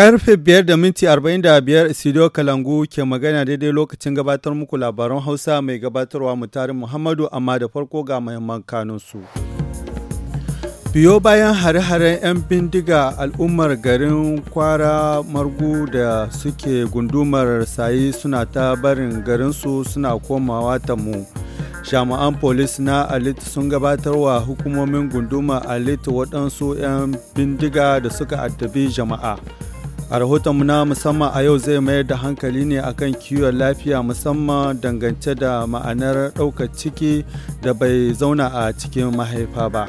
Karfe 5 da minti 45 Studio Kalangu ke magana daidai lokacin gabatar muku labaran Hausa mai gabatarwa mutarin Muhammadu amma da farko ga mahimman kanunsu. Biyo bayan hare-haren 'yan bindiga al'ummar garin kwara margu da suke gundumar sayi suna ta barin garinsu suna komawa ta mu. jami'an polis na alit sun gabatar wa hukumomin gunduma alit waɗansu 'yan bindiga da suka addabi jama'a A rahoton na musamman a yau zai mayar da hankali ne akan kiwon lafiya musamman dangance da ma'anar ɗaukar ciki da bai zauna a cikin mahaifa ba.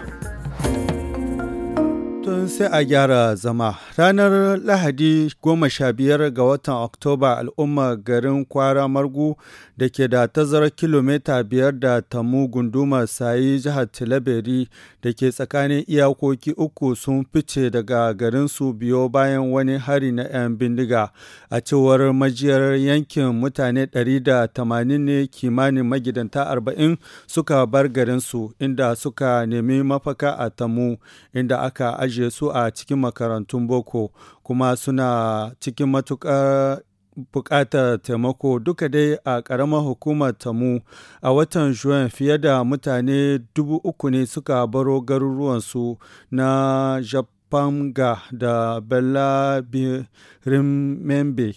sai a gyara zama. Ranar Lahadi goma sha biyar ga watan Oktoba al'umma garin Kwara Margu da ke da tazarar kilomita biyar da tamu gunduma sayi jihar Tilaberi da ke tsakanin iyakoki uku sun fice daga garinsu biyo bayan wani hari na 'yan bindiga. A cewar majiyar yankin mutane 180 ne kimanin magidanta 40 suka bar garinsu inda suka nemi mafaka a tamu inda aka ajiye su a cikin makarantun boko kuma suna cikin matuƙar buƙatar taimako duka dai a ƙaramar hukumar tamu a watan juan fiye da mutane dubu uku ne suka baro garuruwansu na japanga da bella birimembe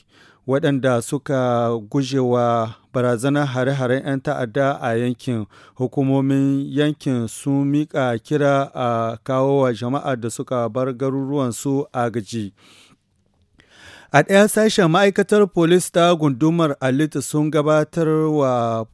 waɗanda suka gujewa barazanar hare-haren 'yan ta'adda a yankin hukumomin yankin sun miƙa kira a kawo wa jama'a da suka bar garuruwansu a gaji. A ɗaya sashen ma'aikatar polis ta gundumar Alit sun gabatar wa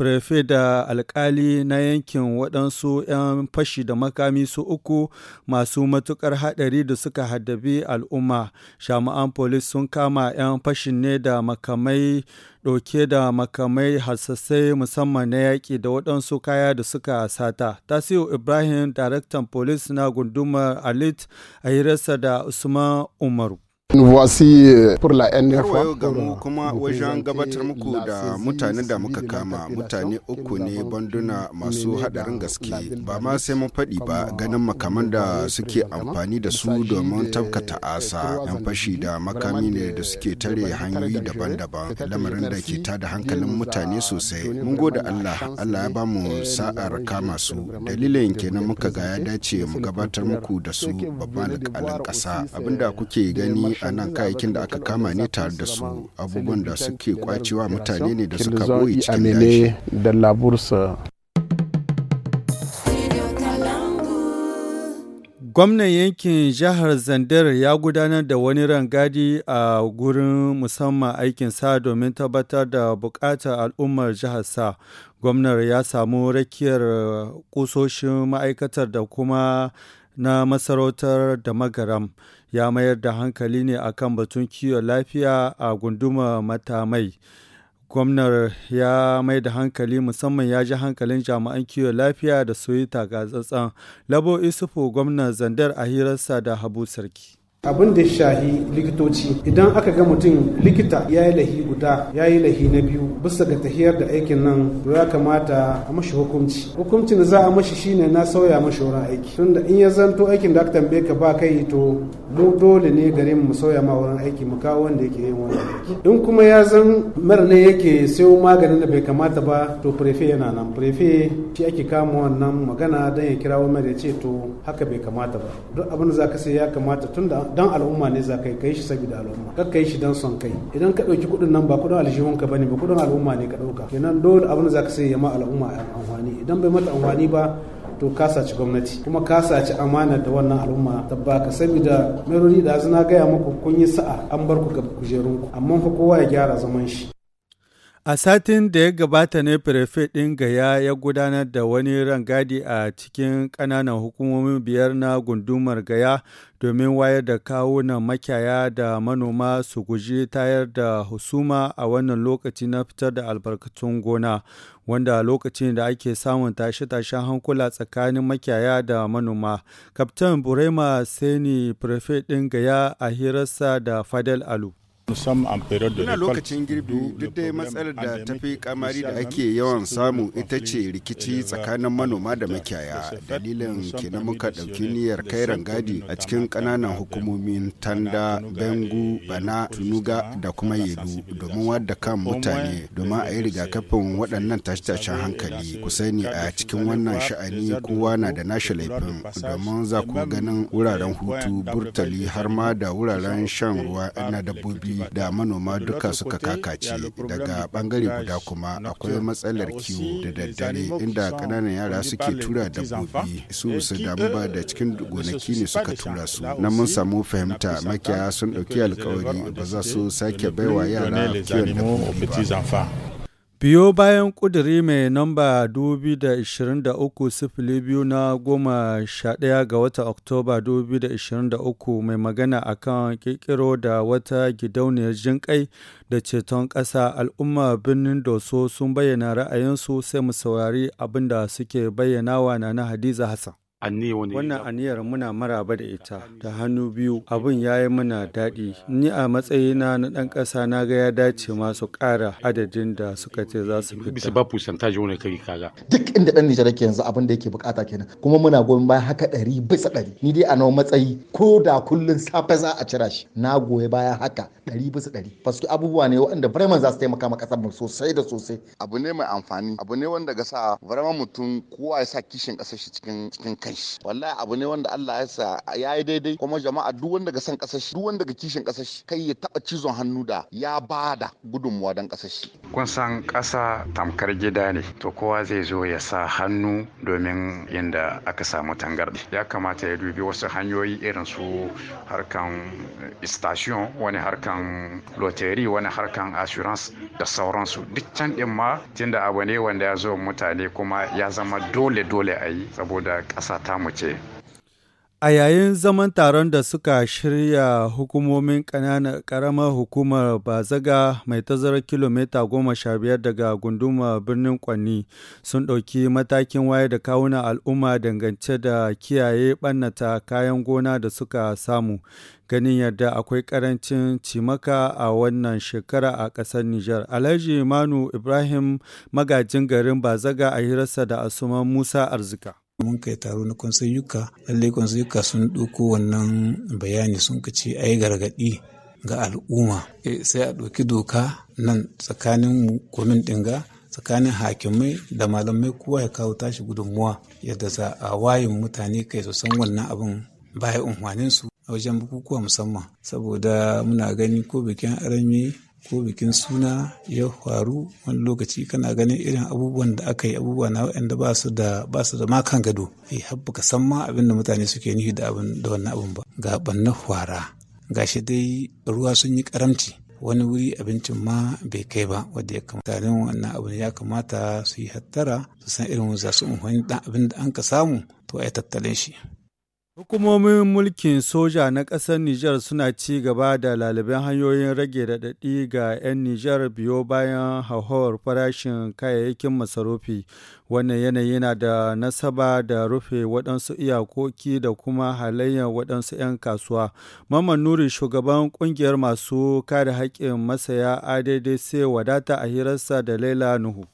Prefe da alkali na yankin waɗansu 'yan fashi da makami su uku masu matuƙar haɗari da suka haddabi al'umma. Shama'an polis sun kama 'yan fashin ne da makamai ɗauke da makamai hasassai musamman na yaƙi da waɗansu kaya da suka sata. Tasiu Ibrahim, daraktan polis na gundumar Alit a hirarsa da Usman Umaru. Voici euh, pour la dernière ga mu kuma wajen gabatar muku da mutane da muka kama mutane uku ne banduna masu hadarin gaske ba ma sai mun faɗi ba ganin makaman da suke amfani da su domin tafka ta'asa yan fashi da makami ne da suke tare hanyoyi daban-daban lamarin da ke tada hankalin mutane sosai mun gode Allah Allah ya ba mu sa'ar kama su dalilin kenan muka ga ya dace mu gabatar muku da su babban alƙalin ƙasa abinda kuke gani a nan kayayyakin da aka kama ne tare da su abubuwan da suke kwacewa mutane ne da suka boye cikin gashi. Gwamnan yankin jihar Zandar ya gudanar da wani rangadi a gurin musamman aikin sa domin tabbatar da bukatar al'ummar jihar sa. Gwamnar ya samu rakiyar kusoshin ma'aikatar da kuma na masarautar da magaram ya mayar da hankali ne akan batun kiwo lafiya a gunduma matamai gwamnar ya mai da hankali musamman ya ji hankalin jami'an kiwon lafiya da soyi ga tsatsan labo isufu gwamnar zandar a hirarsa da habu sarki abin da shahi likitoci idan aka ga mutum likita ya yi lahi guda ya yi lahi na biyu bisa ga tahiyar da aikin nan to ya kamata a mashi hukunci hukuncin da za a mashi shine na sauya mashi wurin aiki tunda in ya zanto aikin da aka tambaye ka ba kai to mu dole ne gare mu sauya ma wurin aiki mu kawo wanda yake yin wannan in kuma ya zan mara ne yake sayo maganin da bai kamata ba to prefe yana nan prefe shi ake kama wannan magana don ya kirawo mai ya ce to haka bai kamata ba duk abin da za ka sai ya kamata tunda dan al'umma ne za kai kai shi saboda al'umma kar kai shi dan son kai idan ka dauki kudin nan ba kudin aljihun ka bane ba kudin al'umma ne ka dauka kenan dole abin da zaka sai ya ma al'umma amfani idan bai mata amfani ba to ka saci gwamnati kuma ka saci amana da wannan al'umma da baka saboda merori da na gaya muku kun yi sa'a an bar ku ga kujerunku amma fa kowa ya gyara zaman shi A satin da ya gabata ne firifet ɗin Gaya ya gudanar da wani rangadi a cikin ƙananan hukumomin biyar na gundumar Gaya domin wayar da kawunan makiyaya da manoma su guji tayar da husuma a wannan lokaci na fitar da albarkatun gona wanda lokacin da ake samun tashe-tashen hankula tsakanin makiyaya da manoma. Kaftan Burema Seni firifet ɗin Gaya a hirarsa da Fadel Alu. Muna lokacin girbi duk dai matsalar da ta fi kamari da ake yawan samu ita ce rikici tsakanin manoma da makiyaya. Dalilin kenan muka ɗauki niyyar kai rangadi a cikin ƙananan hukumomin Tanda, Bengu, Bana, Tunuga da kuma Yedu domin wadda kan mutane domin a yi rigakafin waɗannan tashe-tashen hankali. Ku sani a cikin wannan sha'ani kowa na da nashi laifin domin za ku ganin wuraren hutu, burtali har ma da wuraren shan ruwa na dabbobi da manoma duka suka kakace daga bangare guda kuma akwai matsalar kiwo da daddare inda kananan yara suke tura dabbobi su su damu ba da cikin gonaki ne suka tura su na mun samu fahimta makiyaya sun ɗauki alkawari ba za su sake baiwa yara kiwon dabbobi ba Biyo bayan ƙuduri mai namba 2023 biyu na goma sha ɗaya ga wata Oktoba 2023 mai magana a kan ƙirƙiro da wata gidauniyar jinƙai da ceton ƙasa al'umma birnin Doso sun bayyana ra'ayinsu sai mu saurari abin da suke bayyanawa na Hadiza Hassan. Wannan aniyar muna maraba da ita da hannu biyu abin ya yi mana daɗi. Ni a matsayina na ɗan ƙasa na ga ya dace masu su ƙara adadin da suka ce za su fita. Bisa ba fusantaji wani kai kaga. Duk inda ɗan Nijar yake yanzu abin da yake buƙata kenan kuma muna goyon baya haka ɗari bisa ɗari. Ni dai a nawa matsayi ko da kullum safe za a cira shi na goyi baya haka ɗari bisa ɗari. Fasu abubuwa ne waɗanda vraiment za su taimaka ma ƙasar sosai da sosai. Abu ne mai amfani abu ne wanda ga sa vraiment mutum kowa ya sa kishin ƙasar shi cikin cikin kan wallahi abu ne wanda Allah ya sa ya yi daidai kuma jama'a duk wanda ga san kasar shi duk wanda ga kishin kasar kai ya taba cizon hannu da ya bada gudunmuwa dan kasar shi kun san kasa tamkar gida ne to kowa zai zo ya sa hannu domin inda aka samu tangarɗe ya kamata ya dubi wasu hanyoyi irin su harkan station wani harkan loteri wani harkan assurance da sauransu duk can din ma tunda abu ne wanda ya zo mutane kuma ya zama dole dole a yi saboda ƙasa mu ce. A yayin zaman taron da suka shirya hukumomin ƙaramar hukumar Bazaga mai tazarar kilomita goma sha biyar daga gunduma birnin Kwanni sun ɗauki matakin waye da kawuna al'umma dangance da kiyaye ɓannata kayan gona da suka samu. Ganin yadda akwai ƙarancin cimaka a wannan shekara a ƙasar Nijar. Alhaji Manu Ibrahim magajin garin Bazaga a hirarsa da Asuman Musa Arzika. mun kai taro na konseyuka lalle kwansayyuka sun ɗauko wannan bayani sun ka ce ai gargaɗi ga al'umma eh, sai a ɗauki doka nan tsakanin kwamin ɗinga tsakanin hakimai da malamai kowa ya kawo tashi gudunmuwa yadda za a wayin mutane kai su san wannan abin baya unguwaninsu. a wajen bukukuwa musamman saboda muna gani ko bikin arami ko bikin suna ya faru wani lokaci kana ganin irin abubuwan da aka yi abubuwa na wa'anda ba su da ba su da makan gado eh har baka san ma abin da mutane suke nufi da abin da wannan abin ba ga bannan fara gashi dai ruwa sun yi karamci wani wuri abincin ma bai kai ba wadda ya kamata Mutanen wannan abun ya kamata su yi hattara su san irin za su amfani dan abin da an ka samu to a yi tattalin shi Hukumomin mulkin soja na ƙasar Nijar suna ci gaba da laliban hanyoyin rage daɗaɗi ga 'yan Nijar biyo bayan hauhawar farashin kayayyakin masarufi. Wannan yanayi na da nasaba da rufe waɗansu iyakoki da kuma halayyar waɗansu 'yan kasuwa. mamman Nuri shugaban ƙungiyar masu kare haƙƙin masaya sai wadata a hirarsa da Laila Nuhu.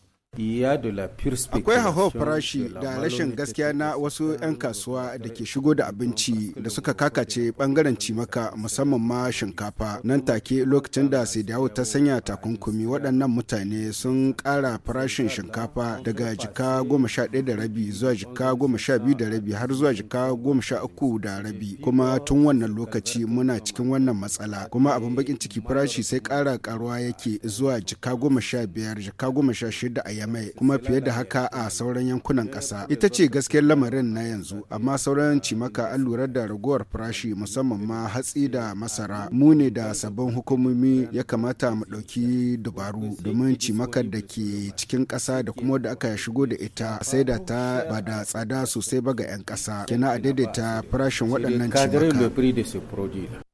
akwai hauhawar farashi da rashin gaskiya na wasu 'yan kasuwa da ke shigo da abinci da suka kakace bangaren cimaka musamman ma shinkafa nan take lokacin da sai dawo ta sanya takunkumi waɗannan mutane sun ƙara farashin shinkafa daga jika goma sha ɗaya da rabi zuwa jika goma sha biyu da rabi har zuwa jika goma sha uku da rabi kuma tun wannan lokaci muna cikin wannan matsala kuma abin bakin ciki farashi sai ƙara ƙaruwa yake zuwa jika goma sha biyar jika goma sha shida a mai kuma fiye da haka a sauran yankunan ƙasa. Ita ce gaskiyar lamarin na yanzu amma sauran cimaka an lura da raguwar farashi musamman ma hatsi da masara. Mu ne da sabbin hukumomi ya kamata mu ɗauki dubaru domin cimakar da ke cikin ƙasa da kuma da aka shigo da ita sai da ta ba da tsada sosai ba ga 'yan ƙasa. Kina a daidaita farashin waɗannan cimaka.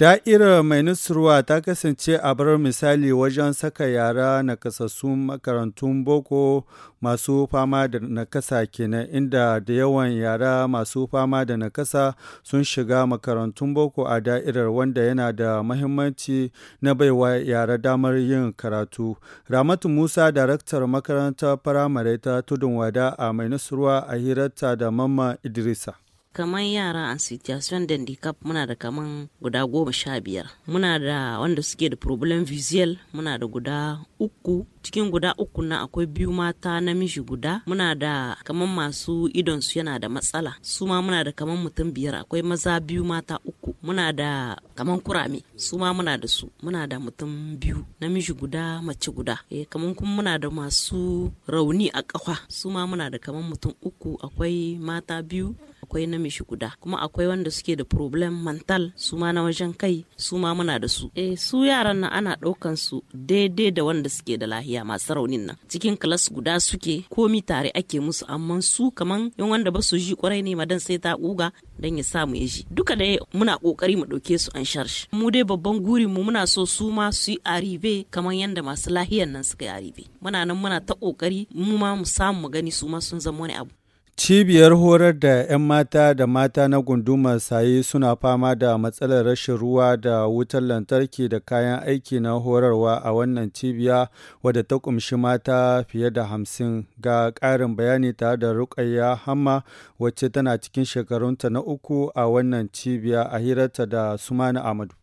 Da'ira mai nusurwa ta kasance a bar misali wajen saka yara nakasassun makarantun boko masu fama da nakasa kenan inda da yawan yara masu fama da nakasa sun shiga makarantun boko a da'irar wanda yana da mahimmanci na baiwa yara damar yin karatu. Ramatu Musa daraktar makarantar firamare ta Tudun Wada a mai nusurwa a hirarta da Mamman Idrisa. kamar yara an situation da handicap muna da kaman guda goma sha biyar muna da wanda suke da problem visual muna da guda uku cikin guda uku na akwai biyu mata namiji guda muna da kaman masu idon su yana da matsala su ma muna da kaman mutum biyar akwai maza biyu mata uku muna da kaman kurame su ma muna da su muna da mutum biyu namiji guda mace guda eh kaman kuma muna da masu rauni a kafa su ma muna da kaman mutum uku akwai mata biyu akwai namishi guda kuma akwai wanda suke da problem mental su ma na wajen kai su ma muna da su eh su yaran nan ana ɗaukan su daidai da wanda suke da lahiya masu raunin nan cikin class guda suke komi tare ake musu amma su kaman yan wanda ba su ji kwarai ne madan sai ta kuga dan ya samu ya ji duka da muna kokari mu ɗauke su an sharsh mu dai babban gurin mu muna so su ma su yi aribe kaman yanda masu lahiyan nan suka yi aribe muna nan muna ta kokari mu ma mu samu mu gani su ma sun zama wani abu Cibiyar horar da 'yan mata da mata na gundumar saye suna fama da matsalar rashin ruwa da wutar lantarki da kayan aiki na horarwa a wannan cibiya wadda ta kumshi mata fiye da hamsin ga ƙarin bayani tare da rukayya hamma wacce tana cikin shekarunta na uku a wannan cibiya a hirarta da sumana amadu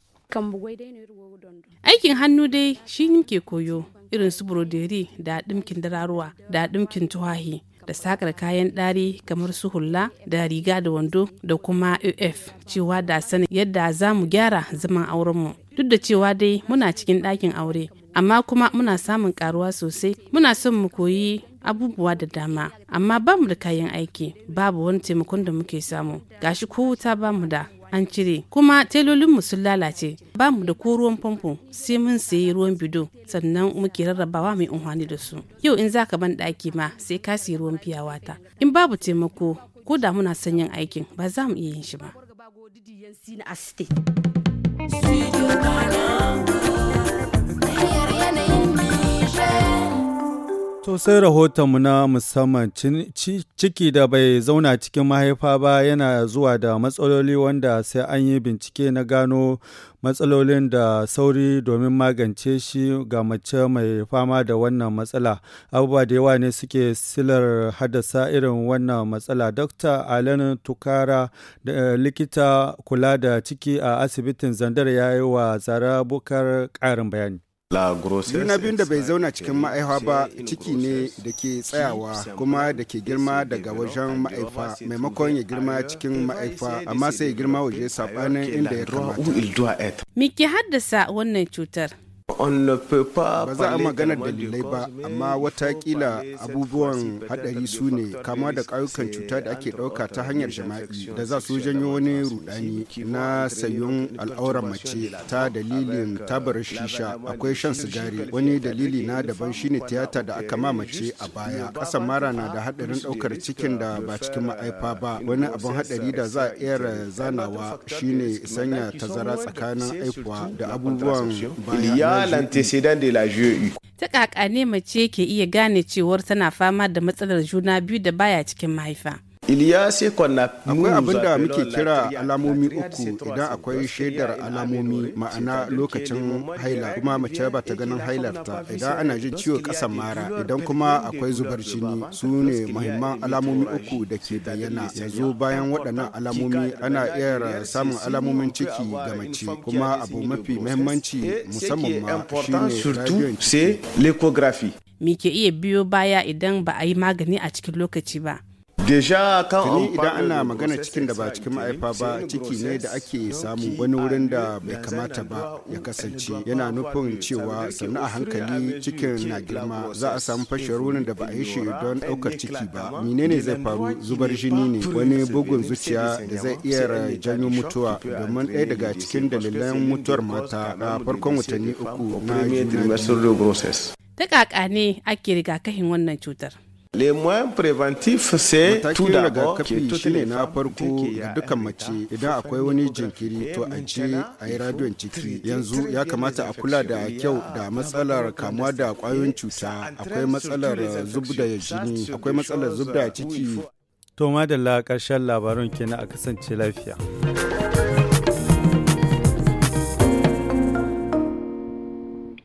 aikin hannu dai shi ke koyo irin su broderi da ɗimkin dararuwa da ɗimkin tuwahi da sakar kayan ɗari kamar su hula da riga da wando da kuma uf cewa da sanin yadda za mu gyara zaman aurenmu duk da cewa dai muna cikin ɗakin aure amma kuma muna samun karuwa sosai muna son mu koyi abubuwa da dama amma ba mu da kayan aiki babu wani taimakon da muke samu gashi ko wuta ba mu da an cire kuma telolinmu sun lalace ba mu da ko ruwan famfo sai mun sayi ruwan bido sannan muke rarrabawa mai unhani da su yau in za ka ban ɗaki ma sai ka sayi ruwan fiyawata in babu taimako ko da muna son yin aikin ba za mu iya yin shi ba. Sosai rahotonmu na musamman ciki da bai zauna cikin mahaifa ba yana zuwa da matsaloli wanda sai an yi bincike na gano matsalolin da sauri domin magance shi ga mace mai fama da wannan matsala. Abubuwa da yawa ne suke silar haddasa irin wannan matsala. Dr. Alan Tukara da likita kula da ciki a asibitin Zandar ya yi wa Zara Bukar ƙarin bayani. Juna biyun da bai zauna cikin ma'aifa ba ciki ne da ke tsayawa kuma da ke girma daga wajen ma'aifa maimakon ya girma cikin ma'aifa amma sai ya girma waje sabanin inda ya kamata. Miki haddasa wannan cutar? ba za a maganar dalilai ba amma watakila abubuwan hadari su ne kama da ƙauyukan cuta da ake ɗauka ta hanyar jama'i da za su janyo wani rudani na sayon al'auran mace ta dalilin tabar shisha akwai shan sigari wani dalili na daban shine tiyata da aka ma mace a baya ƙasan mara na da hadarin ɗaukar cikin da ba cikin ma'aifa ba wani abin hadari da za a iya zanawa shine sanya tazara tsakanin aifuwa da abubuwan baya l'antécédent de la GEU. Ta kakane ne mace ke iya gane cewar tana fama da matsalar juna biyu da baya cikin mahaifa. akwai abin da muke kira alamomi uku idan akwai shaidar alamomi ma'ana lokacin haila kuma mace ba ta ganin hailarta idan ana jin ciwo kasan mara idan kuma akwai zubar jini su ne mahimman alamomi uku da ke bayyana yanzu bayan waɗannan alamomi ana iya samun alamomin ciki ga mace kuma abu mafi mahimmanci musamman ma shine radiyon mike iya biyo baya idan ba a yi magani a cikin lokaci ba tuni idan ana magana cikin da ba cikin ma'aifa ba ciki ne da ake samu wani wurin da bai kamata ba ya kasance yana nufin cewa sannu a hankali cikin na girma za a samu fashewar wurin da ba a yi shi don ɗaukar ciki ba menene zai faru zubar jini ne wani bugun zuciya da zai iya janyo mutuwa domin ɗaya daga cikin dalilan mutuwar mata na farkon watanni uku na juna ta ne ake rigakafin wannan cutar Le moyen préventif c'est tout d'abord shine na farko ga dukan mace idan akwai wani jinkiri to a je a yi radiyon ciki yanzu ya kamata a kula da kyau da matsalar kamuwa da kwayoyin cuta akwai matsalar zubda da jini akwai matsalar zubda da ciki euh, to madalla karshen labarin kenan a kasance lafiya